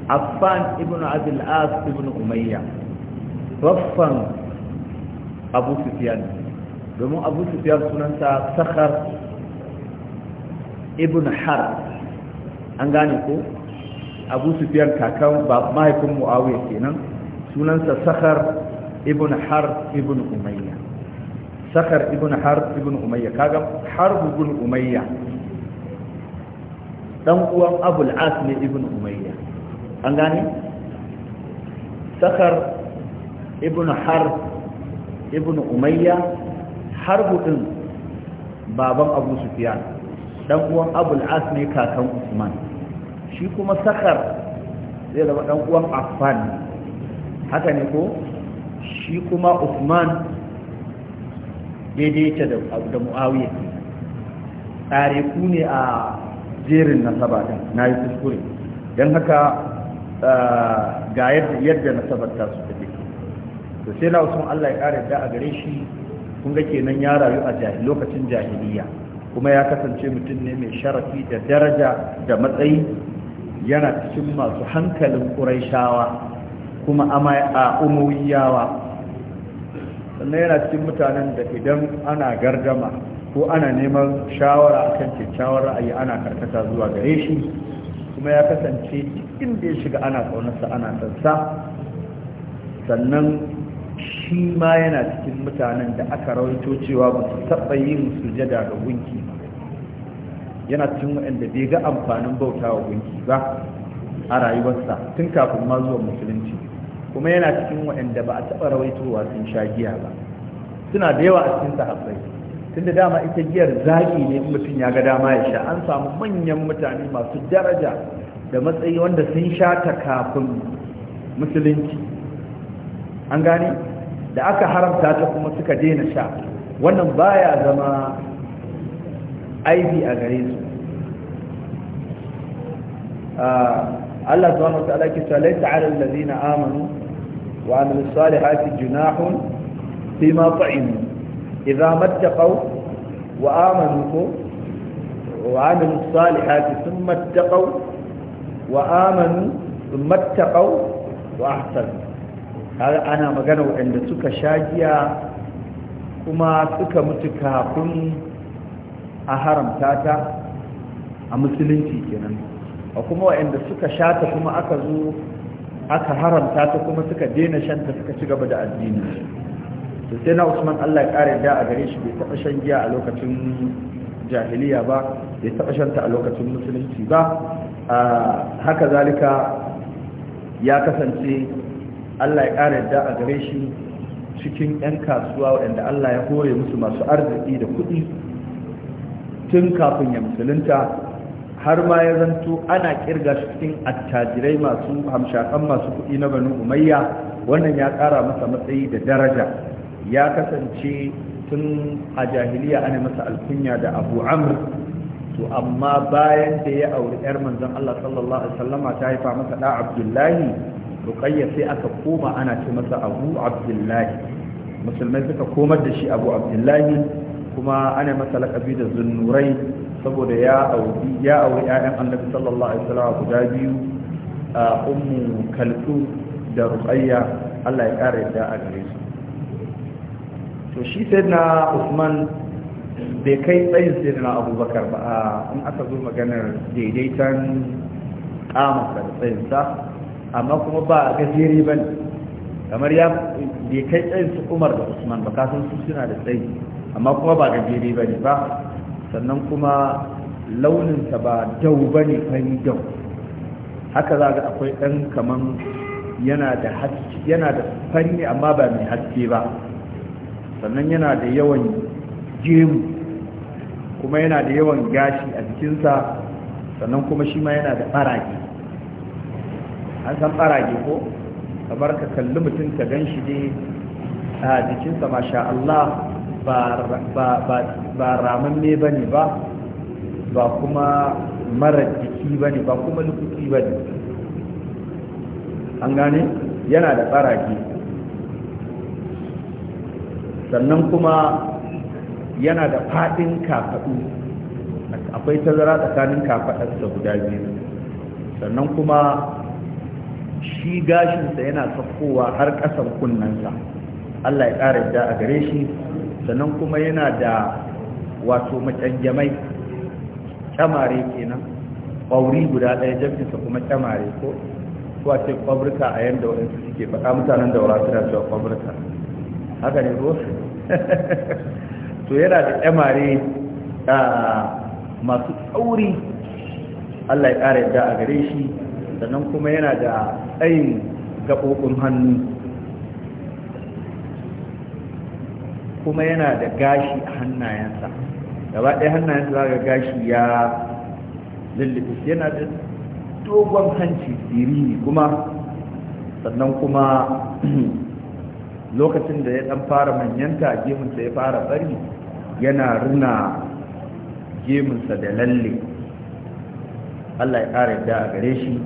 affan ibn ibn umayya abu sufiyan domin abu sufiyan sakhar ibn har an gane ko abu sufiyan kakan mahaifin muawiya kenan sunansa sakar ibn har ibn umayya sakar ibn har ibn umayya kaga har ibn umayya dan uwan abul as ne ibn umayya an gane sakar ibn har ibn umayya har din baban abu sufyan dan uwan abul as ne kakan usman shi kuma sakar zai zama dan uwan Afan, haka ne ko shi kuma usman daidai ta da muawiya tsare ku ne a jerin nasaba ta na yi kuskure don haka eh, ga yadda nasabar ta su tafi to sai na usman allah ya kare da a gare shi kun ga kenan ya rayu a lokacin jahiliya kuma ya kasance mutum ne mai sharafi da daraja da matsayi yana cikin masu hankalin ƙuraishawa kuma a umawiyawa sannan yana cikin mutanen da idan ana gardama ko ana neman shawara kan kyakkyawar ra'ayi ana karkata zuwa gare shi kuma ya kasance cikin da ya shiga ana ƙaunarsa ana sansa sannan shi ma yana cikin mutanen da aka rawaito cewa ba su taɓa yin sujada ga gunki yana cikin waɗanda bai ga amfanin bauta wa gunki ba a rayuwarsa tun kafin ma zuwa musulunci kuma yana cikin waɗanda ba a taɓa rawaitowa sun sha giya ba suna da yawa a cikin sahabbai tunda dama ita giyar zaƙi ne in mutum ya ga dama ya sha an samu manyan mutane masu daraja da matsayi wanda sun sha ta kafin musulunci an gane da aka haramta ta kuma suka daina sha wannan baya zama aibi a gare su ah, Allah subhanahu wa ta'ala kisa laisa 'ala na amanu wa amin sali hafi junahun fima ta'imu idza mattaqaw wa amanu ko. wa amin 'amilus salihati thumma ittaqaw wa amanu thumma ittaqaw wa ahsanu ana magana waɗanda suka sha giya kuma suka mutu kafin a haramta ta a musulunci kenan a kuma wa'anda suka shata kuma aka zo aka haramta ta kuma suka daina shanta suka ci gaba da addini to sai na usman allah ya ƙara da a gare shi bai taɓa shan giya a lokacin jahiliya ba bai taɓa shanta a lokacin musulunci ba haka zalika ya kasance allah ya ƙara da a gare shi cikin 'yan kasuwa waɗanda allah ya hore musu masu arziki da kuɗi tun kafin ya musulunta har ma ya zanto ana kirga shi cikin attajirai masu hamshakan masu kuɗi na banu umayya wannan ya ƙara masa matsayi da daraja ya kasance tun a jahiliya ana masa alkunya da abu amr to amma bayan da ya auri yar manzon Allah sallallahu alaihi wasallama ta haifa masa da Abdullahi Ruqayya sai aka koma ana ce masa Abu Abdullahi musulmai suka komar da shi Abu Abdullahi kuma ana masa lakabi da zunnurai saboda ya auri ya auri ƴaƴan annabi sallallahu alaihi wasallam guda biyu a ummu kaltu da ruqayya Allah ya kare da a gare su to shi sayyidina Usman bai kai tsayin sayyidina Abubakar ba in aka zo maganar daidaitan kamata da tsayin sa amma kuma ba a gajere bane kamar ya bai kai tsayin su Umar da Usman ba kasan su suna da tsayi amma kuma ba gajere ba ne ba sannan kuma launinsa ba dau ba ne fari dau haka za ga akwai ɗan kaman yana da yana da fari amma ba mai haske ba sannan yana da yawan gemu kuma yana da yawan gashi a jikinsa sannan kuma shi ma yana da ɓarage an san ɓarage ko kamar ka kalli mutum ka gan shi ne a jikinsa masha Allah ba ne ba ne ba ba kuma mara jiki ba ne ba kuma lukuki ba ne an gane yana da ke, sannan kuma yana da faɗin kafaɗu akwai tazara tsakanin kafaɗarsa guda biyu sannan kuma shi gashinsa yana saukowa har ƙasan kunnensa allah ya ƙara yadda a gare shi sannan kuma yana da wato macanjamai kyamare kenan ƙwauri guda ɗaya jamfisa kuma kyamare ko kuwa ce fabrika a yadda waɗansu suke faɗa mutanen da wura suna cewa fabrika haka ne ko to yana da kyamare masu tsauri Allah ya ƙara yadda a gare shi sannan kuma yana da tsayin gaɓoɓin hannu kuma yana da gashi a hannayensa gaba ɗaya hannayensa za ga gashi ya lullufi. yana da dogon hanci ne. kuma sannan kuma lokacin da ya ɗan fara manyanta gemunsa ya fara tsari yana rina gemunsa da lalle Allah ya ƙara yadda a gare shi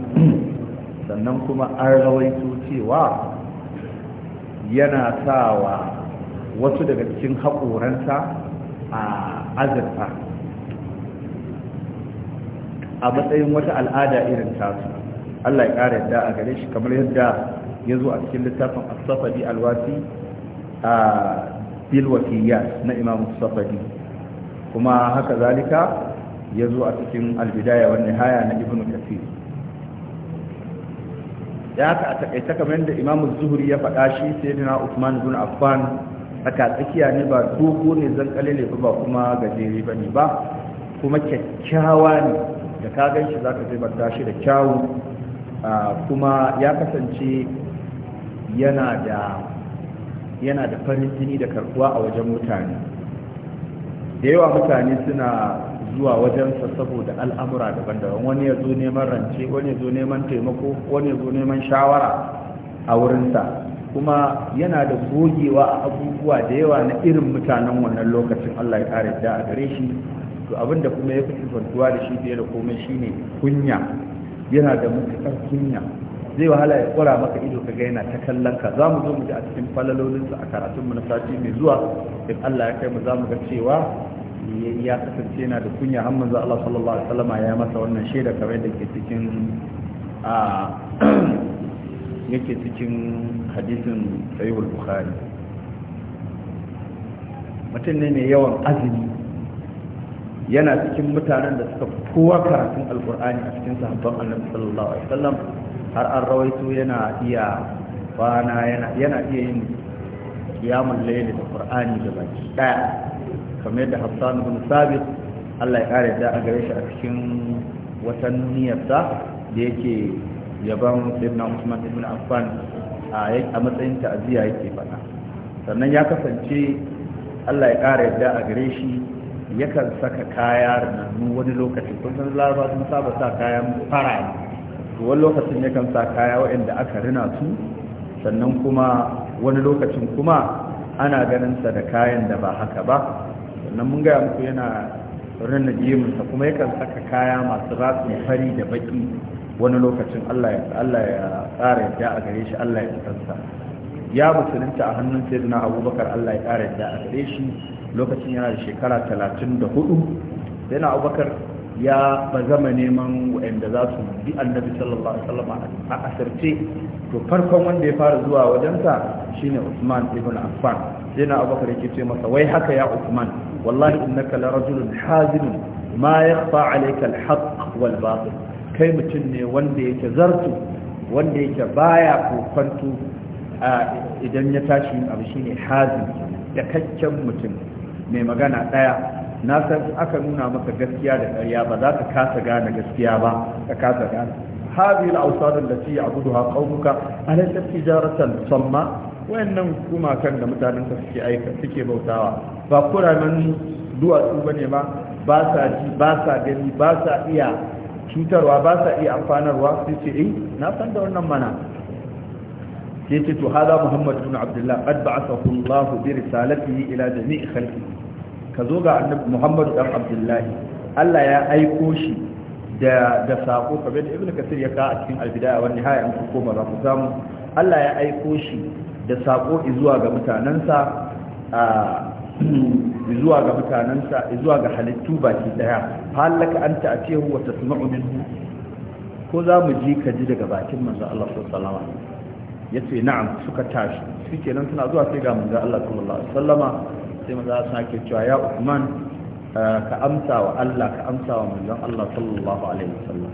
sannan kuma an rawaito cewa yana sawa wasu daga cikin haƙoransa a azurfa a matsayin wata al'ada irin tasu Allah ya ƙara yadda a gare shi kamar yadda ya zo a cikin littafin asafadi alwasi a bilwasiyya na imam safadi kuma haka zalika ya zo a cikin albidaya wani haya na ibn kafir ya haka a takaita kamar yadda imam zuhuri ya faɗa shi sai dina usman bin affan tsaka tsakiya ne ba dogo ne zan kalile ba ba kuma gajere ba ne ba kuma kyakkyawa ne da ka gan shi za ka taimaka shi da kyawu kuma ya kasance yana da da farin jini da karbuwa a wajen mutane da yawa mutane suna zuwa wajensa saboda al'amura daban-daban wani ya zo neman rance wani ya zo neman taimako wani ya zo neman shawara a wurinsa kuma yana da gogewa a abubuwa da yawa na irin mutanen wannan lokacin Allah ya kare da a gare shi to abin da kuma ya fi sifantuwa da shi fiye da komai shine kunya yana da matuƙar kunya zai wahala ya kura maka ido ka yana ta kallon ka za mu zo mu ji a cikin falalolinsa a karatunmu na sati mai zuwa in Allah ya kai mu za mu ga cewa ya kasance yana da kunya har manzo Allah sallallahu alaihi wasallam ya masa wannan shaida kamar da ke cikin ah, yake cikin hadisin sahihul bukhari mutum ne mai yawan azumi yana cikin mutanen da suka kowa karatun alkur'ani a cikin sahabban annabi sallallahu alaihi wasallam har an rawaito yana iya bana yana iya yin kiyamun laili da qur'ani da baki daya kamar yadda hassan bin sabit Allah ya kare da a gare shi a cikin watan niyyarsa da yake Ya ba yaban sayyidina Usman ibn Affan a matsayin ta'aziyya yake faɗa sannan ya kasance Allah ya ƙara yadda a gare shi yakan saka kaya ranannu wani lokaci kun san laraba sun saba sa kayan fara to wani lokacin yakan sa kaya waɗanda aka rina su sannan kuma wani lokacin kuma ana ganin sa da kayan da ba haka ba sannan mun gaya muku yana rina gemunsa kuma yakan saka kaya masu ratsin fari da baki wani lokacin Allah ya Allah ya tsara yadda a gare shi Allah ya tsarsa ya musulunta a hannun na Abubakar Allah ya tsara yadda a gare shi lokacin yana da shekara sai na Abubakar ya ba zama neman waɗanda za su bi annabi sallallahu alaihi wasallam a asirce to farkon wanda ya fara zuwa wajensa shine Usman ibn Affan sai na Abubakar yake ce masa wai haka ya Usman wallahi innaka la rajulun hazin ma yakhfa alayka al-haqq wal batil kai mutum ne wanda yake zartu wanda yake baya kokwanto a idan ya tashi abu ne hazi. da kakken mutum mai magana ɗaya. na san aka nuna maka gaskiya da ƙarya ba za ka kasa gane gaskiya ba ka kasa gane hazi al'ausarin da ci abu da haƙa muka a nan ta tijaratan samma wayannan kan da mutanen ka suke aika suke bautawa ba kuranen duwatsu ba ne ba ba sa ji ba sa gani ba sa iya cutarwa ba sa iya amfanarwa sai ce eh na san da wannan mana sai ce to hada muhammad ibn abdullah qad ba'athahu allah bi risalatihi ila jami'i Ka zo ga annabi muhammad dan abdullah Allah ya aiko shi da da sako Kabe da ibnu kasir ya ka a cikin albidaya wannan haya an koma za ku samu Allah ya aiko shi da sako zuwa ga mutanansa a zuwa ga mutanensa zuwa ga halittu baki daya halaka an ce huwa tasma'u minhu ko za mu ji ka ji daga bakin manzo Allah sallallahu alaihi yace na'am suka tashi suke nan suna zuwa sai ga manzo Allah sallallahu alaihi wasallama sai manzo Allah sake cewa ya Uthman eh, ka amsa wa Allah ka amsa wa manzo Allah sallallahu alaihi wasallam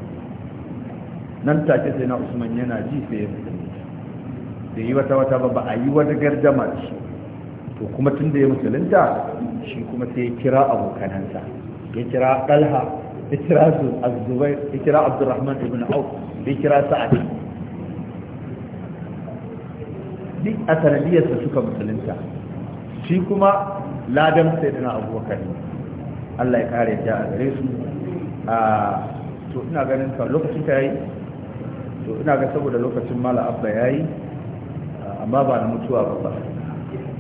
nan take sai na Usman yana ji sai da yi wata wata ba ba a yi wata gardama shi to kuma tun da ya musulunta shi kuma sai ya kira abokanansa ya kira ɗalha ya kira zubai ya kira abdurrahman ibn auf ya kira sa'adi duk a sanadiyarsa suka musulunta shi kuma ladan sai dana abubakar Allah ya kare ta a gare su a to ina ganin ka lokacin ta yi to ina ga saboda lokacin mala abba yi, amma ba na mutuwa ba ba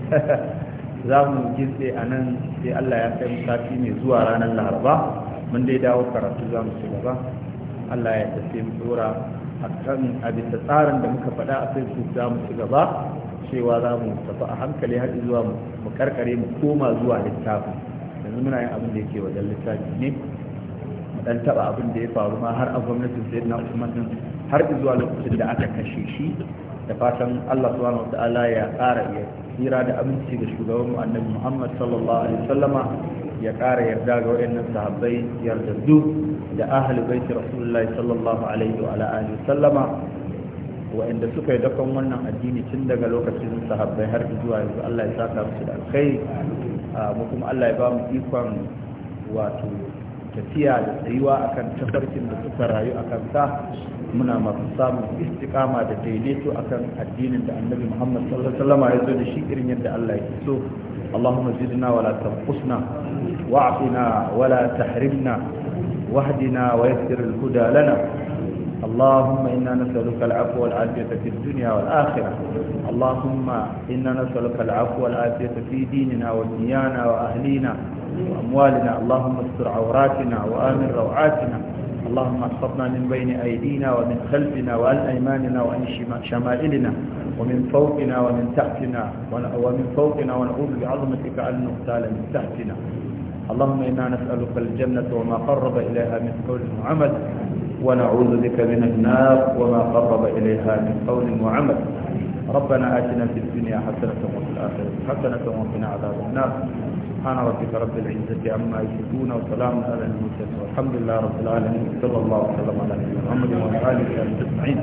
za mu gitse a nan sai Allah ya kai sati ne zuwa ranar laraba mun dai dawo karatu za mu ci gaba Allah ya tafi mu dora a kan abinda tsarin da muka faɗa a facebook za mu ci gaba cewa za mu tafi a hankali har zuwa mu karkare mu koma zuwa littafi yanzu muna yin abin da yake wajen littafi ne mu dan taɓa abin da ya faru ma har a gwamnatin na usman har zuwa lokacin da aka kashe shi da fatan Allah subhanahu wa ta'ala ya ƙara iya tsira da aminci da shugaban mu annabi Muhammad sallallahu alaihi wasallama ya kara yarda ga waɗannan sahabbai duk da ahli baiti rasulullahi sallallahu alaihi wa ala alihi wasallama waɗanda suka yi dakon wannan addini tun daga lokacin sahabbai har zuwa yanzu Allah ya saka musu da alkhairi mu kuma Allah ya ba mu ikon wato tafiya da tsayuwa akan tafarkin da suka rayu a kansa muna masu samun istikama da daidaito kan addinin da annabi Muhammad sallallahu alaihi wasallam ya zo da shi irin yadda Allah ya so Allahumma zidna wala tanqusna wa'tina wala tahrimna wahdina wa yassir al-huda اللهم إنا نسألك العفو والعافية في الدنيا والآخرة اللهم إنا نسألك العفو والعافية في ديننا ودنيانا وأهلينا وأموالنا اللهم استر عوراتنا وآمن روعاتنا اللهم احفظنا من بين أيدينا ومن خلفنا وعن أيماننا وعن شمائلنا ومن فوقنا ومن تحتنا ومن فوقنا ونعوذ بعظمتك أن نغتال من تحتنا اللهم إنا نسألك الجنة وما قرب إليها من قول وعمل ونعوذ بك من النار وما قرب إليها من قول وعمل ربنا آتنا في الدنيا حسنة وفي الآخرة حسنة وقنا عذاب النار سبحان ربك رب العزة عما يشركون وسلام على المرسلين والحمد لله رب العالمين صلى الله وسلم على نبينا محمد وعلى آله وصحبه أجمعين